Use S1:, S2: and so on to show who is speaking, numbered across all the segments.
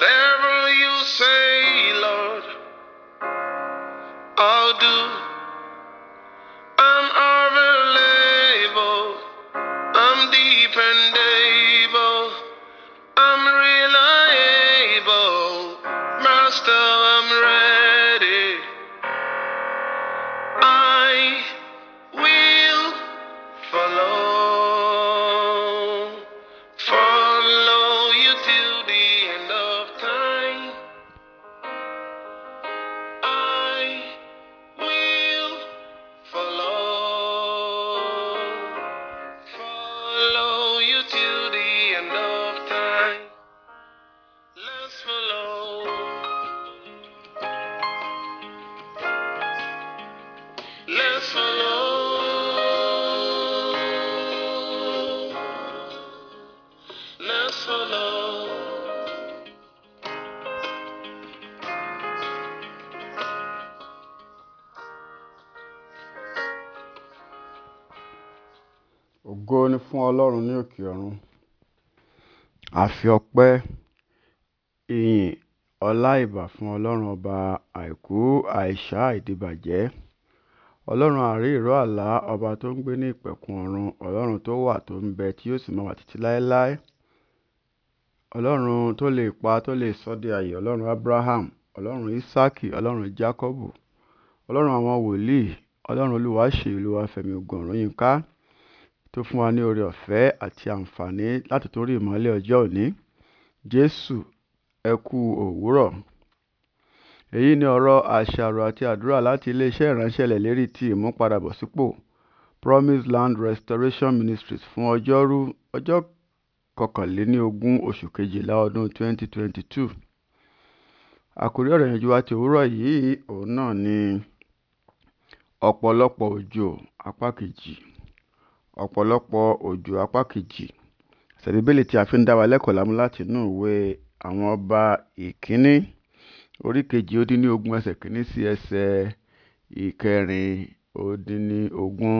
S1: Whatever you say,
S2: ògo ni fún ọlọ́run ní òkè ọ̀run àfi ọpẹ́ ìyìn ọlá ìbà fún ọlọ́run ọba àìkú àìṣá àìdìbàjẹ́ ọlọ́run àrí ìró àlá ọba tó ń gbé ní ìpẹ̀kun ọ̀run ọlọ́run tó wà tó ń bẹ tí yóò sì máa wà títí láéláé ọlọ́run tó lè pa tó lè sọ di ààyè ọlọ́run abraham ọlọ́run Isaac ọlọ́run jacob ọlọ́run àwọn wòlíì ọlọ́run olúwa ṣèlú afẹ̀mí ogun ọ̀run yín ká tó fún wa ní oore-ọ̀fẹ́ àti àǹfààní láti tún rí ìmọ́lẹ̀ ọjọ́ òní jésù ẹ òwúrọ̀ èyí ni ọ̀rọ̀ àṣàrò àti àdúrà láti iléeṣẹ́ ìránṣẹ́lẹ̀ lérí ti ìmúpadàbọ̀sípò promise land restoration ministries fún ọjọ́rú ọjọ́ kọkànléníogún oṣù kejìlá ọdún 2022 àkórí ọ̀rọ̀ ìyànjú àti òwúrọ̀ yìí òun náà ni ọ̀pọ̀lọpọ̀ òjò apá kejì ọ̀pọ̀lọpọ̀ ọjọ́ apá kejì àti bíbélì tí a fi ń dá wa lẹ́kọ̀ọ́ lámú láti inú ìwé àwọn ọba ìkíní orí kejì ó dín ní ogún ẹsẹ̀ kìíní sí ẹsẹ̀ ìkẹrin ó dín ní ogún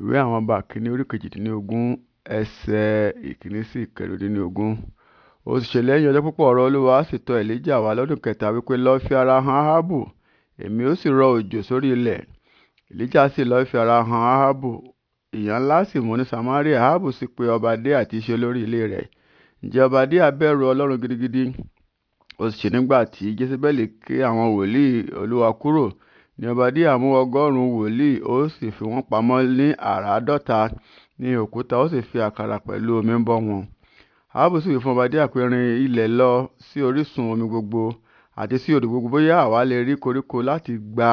S2: ìwé àwọn ọba ìkíní orí kejì dín ní ogún ẹsẹ̀ ìkíní sí ìkẹrin ó dín ní ogún ó sì ṣe lẹ́yìn ọjọ́ púpọ̀ ọ̀rọ̀ olúwa á sì tọ̀ èlíjà wá lọ́dún kẹta wípé lọ́ọ́ fi ara han áhábù èmi ó sì rọ òjò sórí ilẹ̀ èlíjà sì lọ́ọ́ fi ara han áhábù ìyà ńlá sì mú ní Samaria. Áhábù sì pe Ọbaadéà tí í ṣe olórí ilé rẹ̀. Ǹjẹ́ Ọbaadéà bẹ̀rù Ọlọ́run gidigidi. Ó sì ṣe nígbà tí Jésébẹ́lì ké àwọn wòlíì Olúwa kúrò ní Ọbaadéà mú ọgọ́rùn-ún wòlíì ó sì fi wọ́n pamọ́ ní àràádọ́ta ní òkúta ó sì fi àkàrà pẹ̀lú omi ń bọ́ wọn. Áhábù sì fún Ọbaadéà pé rin ilẹ̀ lọ sí orísun omi gbogbo àti sí odò gbogbo bóyá àwa lè rí koríko láti gba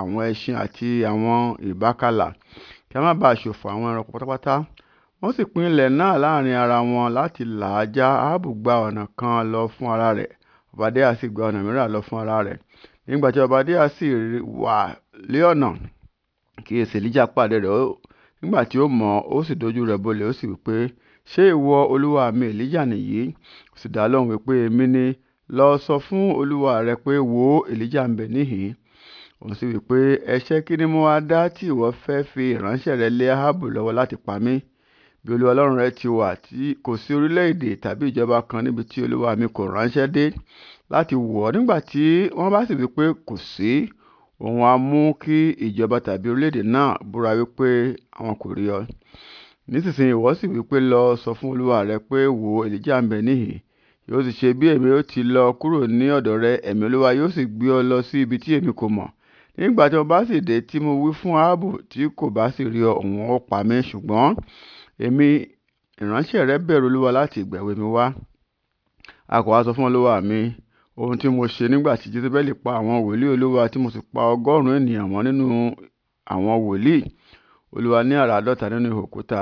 S2: àwọn ẹṣin àti àwọn ìbákalà kí a má bàa ṣòfò àwọn ẹranko pátápátá. Wọ́n sì pín ilẹ̀ náà láàrin ara wọn láti là á já. Áábù gba ọ̀nà kan lọ fún ara rẹ̀, Obadiah sì gba ọ̀nà mìíràn lọ fún ara rẹ̀. Nígbà tí Obadiah sì wà lé ọ̀nà, kíyèsi Elijah pàdé rẹ̀. Nígbà tí ó mọ̀ ó sì dojú rẹ̀ bolẹ̀, ó sì wí pé, “Ṣé ìwọ olúwa mi Elijah nìyí?” sì dá lóhùn wí pé, “Èmi ni. Lọ sọ fún olúwa rẹ pé, ‘Wò ó, ń bẹ níhìn-ín.’ ” Òun sì wí pé, “Ẹ̀ṣẹ̀ kín ni mo ha dá tí ìwọ fẹ́ fi ìránṣẹ́ rẹ lé Ahabu lọ́wọ́ láti pa mí? Bí Olúwa Ọlọ́run rẹ ti wà, kò sí orílẹ̀-èdè tàbí ìjọba kan níbi tí olúwa mi kò ránṣẹ́ dé láti wọ̀ ọ́.” Nígbà tí wọ́n bá sì wí pé, “Kò sí,” òun á mú kí ìjọba tàbí orílẹ̀-èdè náà búra wí àwọn kò rí ọ. Nísinsinyìí ìwọ sì wí “Lọ sọ fún olúwa rẹ pé, ‘Wò, Elijah ń bẹ níhìn yóò sì ṣe bí èmi ó ti lọ kúrò ní ọ̀dọ̀ rẹ, ẹ̀mí Olúwa yóò sì gbé ọ lọ sí ibi tí èmi kò mọ̀.’ ” nígbà tí mo bá sì dé tí mo wí fún Áhábù tí kò bá sì rí òun ó pa mí ṣùgbọ́n èmi ìránṣẹ́ rẹ bẹ̀rù olúwa láti ìgbà èwe mi wá a kò wá sọ fún olúwa mi ohun tí mo ṣe nígbà tí jésébẹ́lì pa àwọn wòlíì olúwa tí mo sì pa ọgọ́rùn-ún ènìyàn mọ́ nínú àwọn wòlíì olúwa ní àràádọ́ta nínú òkúta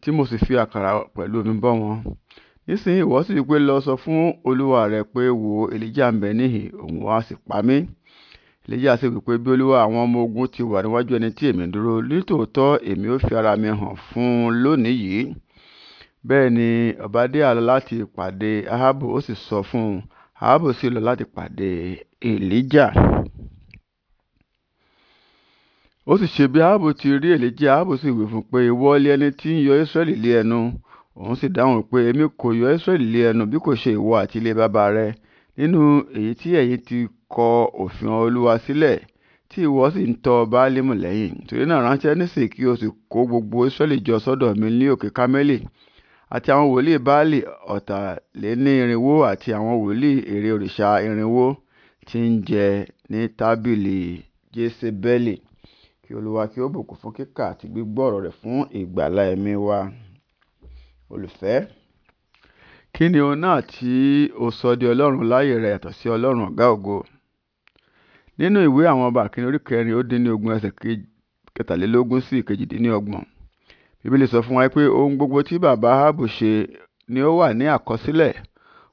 S2: tí mo sì fi àkàrà pẹ̀lú omi bọ́ wọn nísìnyí ìwọ sì wí pé lọ sọ fún olúwa rẹ pé wò elijah ń bẹ níhìn òun wá sì pa mí eléyìí á sì wí pé bí olúwa àwọn ọmọ ogun ti wà níwájú ẹni tí èmi dúró nítòótọ́ èmi ó fi ara mi hàn fún un lónìí yìí bẹ́ẹ̀ ni ọbadíà lọ láti pàdé ahabu ó sì sọ fún un ahabu sì lọ láti pàdé elijah ó sì ṣe bí ahabu ti rí elijah ahabu sì wí fún pé ìwọ lé ẹni tí ń yọ israẹli lé ẹnu òun sì dáhùn pé èmi kò yọ israẹli lé ẹnu bí kò ṣe ìwọ àti ilé bàbá rẹ nínú èyí tí ẹ̀yin ti kọ òfin olúwa sílẹ̀ tí ìwọ sì ń tọ báálímù lẹ́yìn torí náà ránṣẹ́ nísìn kí o sì kó gbogbo israẹli jọ sọ́dọ̀ mi ní òkè kámẹ́lì àti àwọn wòlíì báálì ọ̀tàlénírínwó àti àwọn wòlíì ère òrìṣà irínwó tí ń jẹ ní tábìlì jésébẹ́lì kí olúwa kí o bùkún fún kíkà àti gbígbọ́ ọ̀rọ̀ rẹ̀ fún ìgbàlà ẹ̀mí wa olùfẹ́ Kí ni ohun náà tí o sọ di Ọlọ́run láyè rẹ yàtọ̀ sí Ọlọ́run ọ̀gá ògo? Nínú ìwé àwọn ọba kìíní orí kẹrin ó dín ní ogún ẹsẹ̀ kẹtàlélógún sí ìkejìdínlọ́gbọ̀n. Bíbélì sọ fún wa pé ohun gbogbo tí bàbá Áhábù ṣe ni ó wà ní àkọsílẹ̀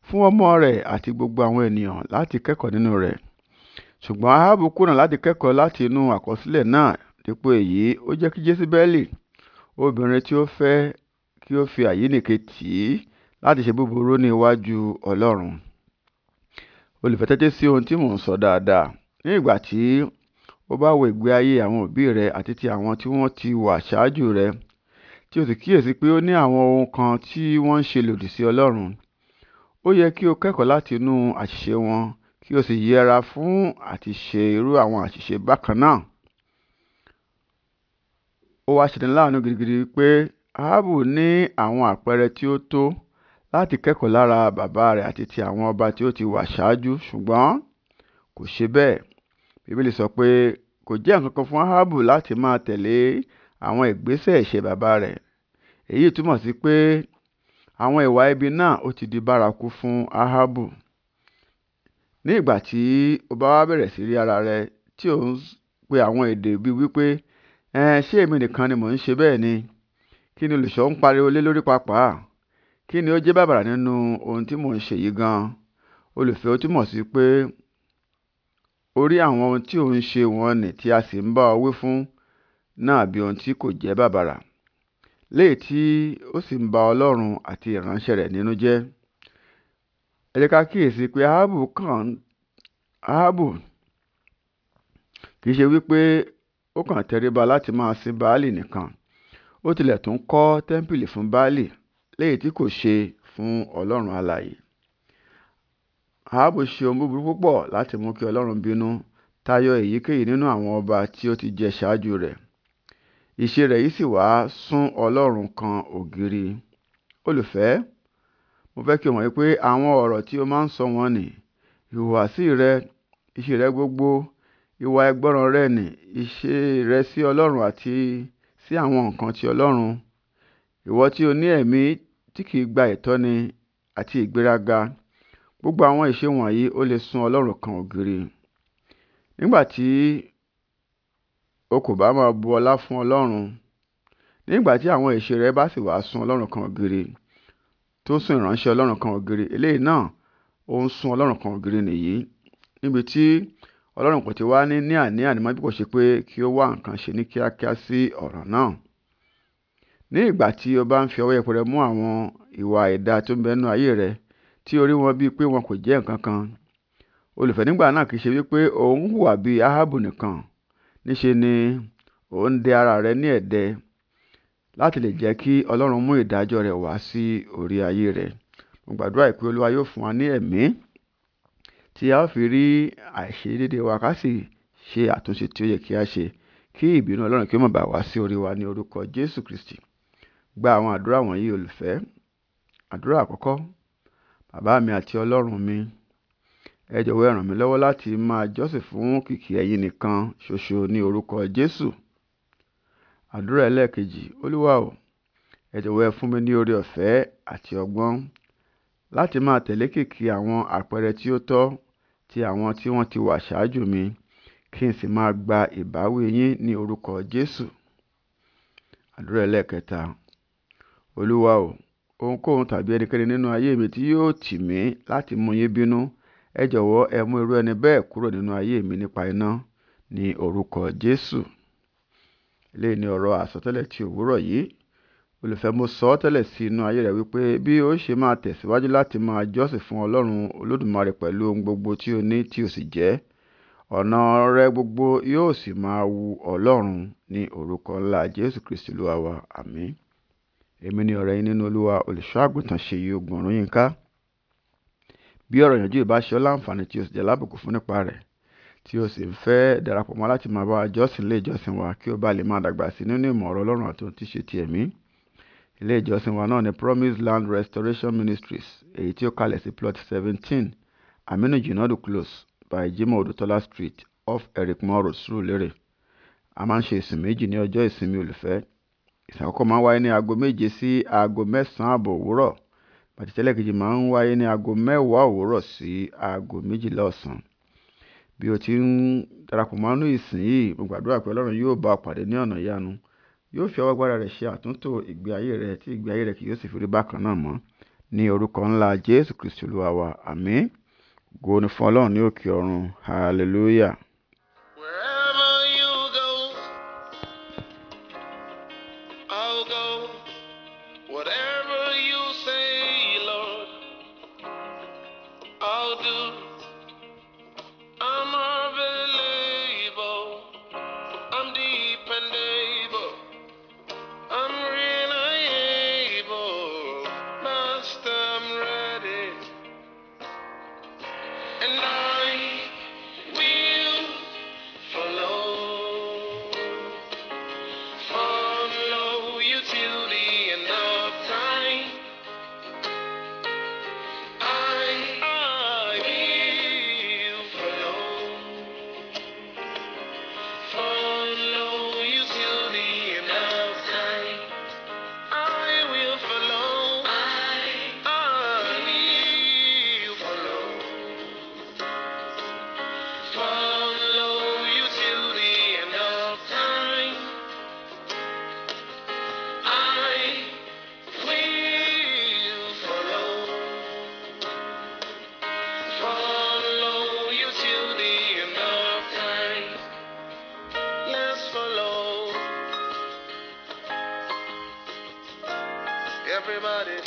S2: fún ọmọ rẹ̀ àti gbogbo àwọn ènìyàn láti kẹ́kọ̀ọ́ nínú rẹ̀. Ṣùgbọ́n Áhábù kùnà láti kẹ́kọ̀ọ́ láti inú àkọsílẹ̀ náà dípò èyí ó jẹ́ kí Jesibeli obìnrin tí ó fẹ́ kí ó fi àyíníke tì í láti ṣe búburú ní iwájú Ọlọ́run olùfẹ́ tẹ́tí sí ohun tí mò ń sọ dáadáa ní ìgbà tí ó bá wo ìgbé ayé àwọn òbí rẹ àti ti àwọn tí wọ́n ti wà ṣáájú rẹ tí o sì kíyèsí pé ó ní àwọn ohun kan tí wọ́n ń ṣe lòdì sí Ọlọ́run ó yẹ kí o kẹ́kọ̀ọ́ láti inú àṣìṣe wọn kí o sì yẹra fún àti ṣe irú àwọn àṣìṣe bákan náà ó wá ṣe ní láàánú gidigidi pé Áhábù ní àwọn àpẹẹrẹ tí ó tó láti kẹ́kọ̀ọ́ lára bàbá rẹ̀ àti ti àwọn ọba tí ó ti wà ṣáájú ṣùgbọ́n kò ṣe bẹ́ẹ̀ bíbélì sọ pé kò jẹ́ nǹkan kan fún ahabu láti máa tẹ̀lé àwọn ìgbésẹ̀ ìṣe bàbá rẹ̀ èyí túmọ̀ sí pé àwọn ìwà ibi náà ó ti di bárakú fún ahabu ní ìgbà tí o bá wá bẹ̀rẹ̀ sí rí ara rẹ tí ò ń pe àwọn èdè bíi wípé ṣé èmi nìkan ni mò ń ṣe bẹ́ẹ̀ ni kí ni olùṣọ́ ń pariwo lé lórí pàápàá kí ni ó jẹ́ bàbàrà nínú ohun tí mò ń ṣe yìí gan-an olùfẹ́ ó túmọ̀ sí pé o àwọn ohun tí o ń ṣe wọ́n ti tí a sì ń bá ọ wí fún náà bí ohun tí kò jẹ́ bàbàrà léyìí tí ó sì ń ba ọlọ́run àti ìránṣẹ́ rẹ̀ nínú jẹ́ ẹ jẹ́ ká kíyèsí pé ahabu kàn ahabu kì í ṣe wípé ó kàn tẹríba láti máa sin baálì nìkan ó tilẹ̀ tún kọ́ tẹ́ḿpìlì fún baálì léyìí tí kò ṣe fún Ọlọ́run alààyè. Áhábù ṣe ohun búburú púpọ̀ láti mú kí Ọlọ́run bínú tayọ èyíkéyìí nínú àwọn ọba tí ó ti jẹ ṣáájú rẹ̀. Ìṣe rẹ̀ yìí sì wá sún Ọlọ́run kan ògiri. Olùfẹ́, mo fẹ́ kí o mọ̀ wípé àwọn ọ̀rọ̀ tí o máa ń sọ wọ́n nì, ìhùwàsí rẹ, ìṣe rẹ gbogbo, ìwà ẹgbọ́ràn rẹ nì, ìṣe rẹ sí Ọlọ́run àti sí àwọn nǹkan ti Ọlọ́run. Ìwọ tí o ní ẹ̀mí tí kì í gba ìtọ́ni àti ìgbéraga gbogbo àwọn ìṣe wọ̀nyí ó lè sún ọlọ́run kan ògiri nígbà tí o kò bá máa bu ọlá fún ọlọ́run nígbà tí àwọn ìṣe rẹ bá sì wàá sún ọlọ́run kan ògiri tó sún ìránṣẹ́ ọlọ́run kan ògiri eléyìí náà ó ń sún ọlọ́run kan ògiri nìyí níbi tí ọlọ́run kò ti wá ní ní àní mọ́ bí kò ṣe pé kí ó wá nǹkan ṣe ní kíákíá sí ọ̀ràn náà Ní ìgbà tí o bá ń fi ọwọ́ yẹpẹrẹ mú àwọn ìwà ẹ̀dá tó ń bẹ nínú ayé rẹ tí o wọn bíi pé wọn kò jẹ́ nǹkan kan, olùfẹ́ nígbà náà kì í ṣe wípé òun hùwà bí Ahabu nìkan. Níṣe ni ò ń dẹ ara rẹ ní ẹ̀dẹ láti lè jẹ́ kí Ọlọ́run mú ìdájọ́ rẹ̀ wá sí orí ayé rẹ. Mo gbàdúrà pé Olúwa yóò fún wa ní ẹ̀mí tí a ó fi rí àìṣedéédéé wa ká sì ṣe àtúnṣe tí ó yẹ kí a ṣe kí ìbínú Ọlọ́run kí ó má bá wá sí orí wa ní orúkọ Jésù Kristi. Gba àwọn àdúrà wọ̀nyí olùfẹ́. Àdúrà àkọ́kọ́, Bàbá mi àti Ọlọ́run mi, ẹ jọ̀wọ́ ẹ ràn mí lọ́wọ́ láti máa jọ́sìn fún kìkì ẹ̀yin nìkan ṣoṣo ní orúkọ Jésù. Àdúrà ẹlẹ́ẹ̀kejì, Olúwa o, ẹ jọ̀wọ́ ẹ fún mi ní oore ọ̀fẹ́ àti ọgbọ́n láti máa tẹ̀lé kìkì àwọn àpẹẹrẹ tí ó tọ́ ti àwọn tí wọ́n ti wà ṣáájú mi kí n sì máa gba ìbáwí yín ní orúkọ Jésù. Àdúrà ẹlẹ́ẹ̀kẹta, olúwa o ohunkóhun tàbí ẹnikẹ́ni nínú ayé mi tí yóò tì mí láti mú yín bínú ẹ jọ̀wọ́ ẹ mú irú ẹni bẹ́ẹ̀ kúrò nínú ayé mi nípa iná ní orúkọ jésù eléyìí ni ọ̀rọ̀ àsọtẹ́lẹ̀ ti òwúrọ̀ yìí olùfẹ́ mo sọ ọ́ tẹ́lẹ̀ sí inú ayé rẹ wípé bí ó ṣe máa tẹ̀síwájú láti máa jọ́sìn fún ọlọ́run olódùmarè pẹ̀lú ohun gbogbo tí o ní tí o sì jẹ́ ọ̀nà rẹ gbogbo yóò sì máa wu ọlọ́run ní orúkọ ńlá jésù kristi olúwa wa àmín Èmi ni ọ̀rẹ́ yín nínú Olúwa, olùṣọ́-àgùntàn Ṣèyí Ògùnrúyìnká. Bí ọ̀rọ̀ ìyànjú yìí bá ṣe ọ́ láǹfààní tí o sì jẹ́ alábùkún fún nípa rẹ̀, tí o sì ń fẹ́ darapọ̀ mọ́ láti máa bá wa jọ́sìn ilé ìjọsìn wa kí o bá lè máa dàgbà sí nínú ìmọ̀ ọ̀rọ̀ Ọlọ́run àti ohun tí ṣe ti ẹ̀mí. Ilé ìjọsìn wa náà ni Promise Land Restoration Ministries, èyí tí ó kalẹ̀ sí plot seventeen Aminu Jinadu Close by Jimoh Odutola Street off Eric Moore Road, Surulere. A máa ń ṣe ìsìn méjì ní ọjọ́ ìsinmi olùfẹ́ ìsàkọ́kọ́ máa ń wáyé ní aago méje sí aago mẹ́sàn-án àbọ̀ òwúrọ̀ bàtí tẹ́lẹ̀kejì máa ń wáyé ní aago mẹ́wàá òwúrọ̀ sí aago méjìlá ọ̀sán. Bí o ti ń darapọ̀ mọ́ inú ìsìn yìí, mo gbàdúrà pé Ọlọ́run yóò bá ọ pàdé ní ọ̀nà ìyanu. Yóò fi ọwọ́ agbára rẹ̀ ṣe àtúntò ìgbé ayé rẹ tí ìgbé ayé rẹ kì yóò sì fi rí bákan náà mọ́. Ní orúkọ ńlá Jésù Kristi Olúwa wa, àmín. Ògo fún Ọlọ́run ní òkè ọ̀run. Hallelujah.
S1: everybody.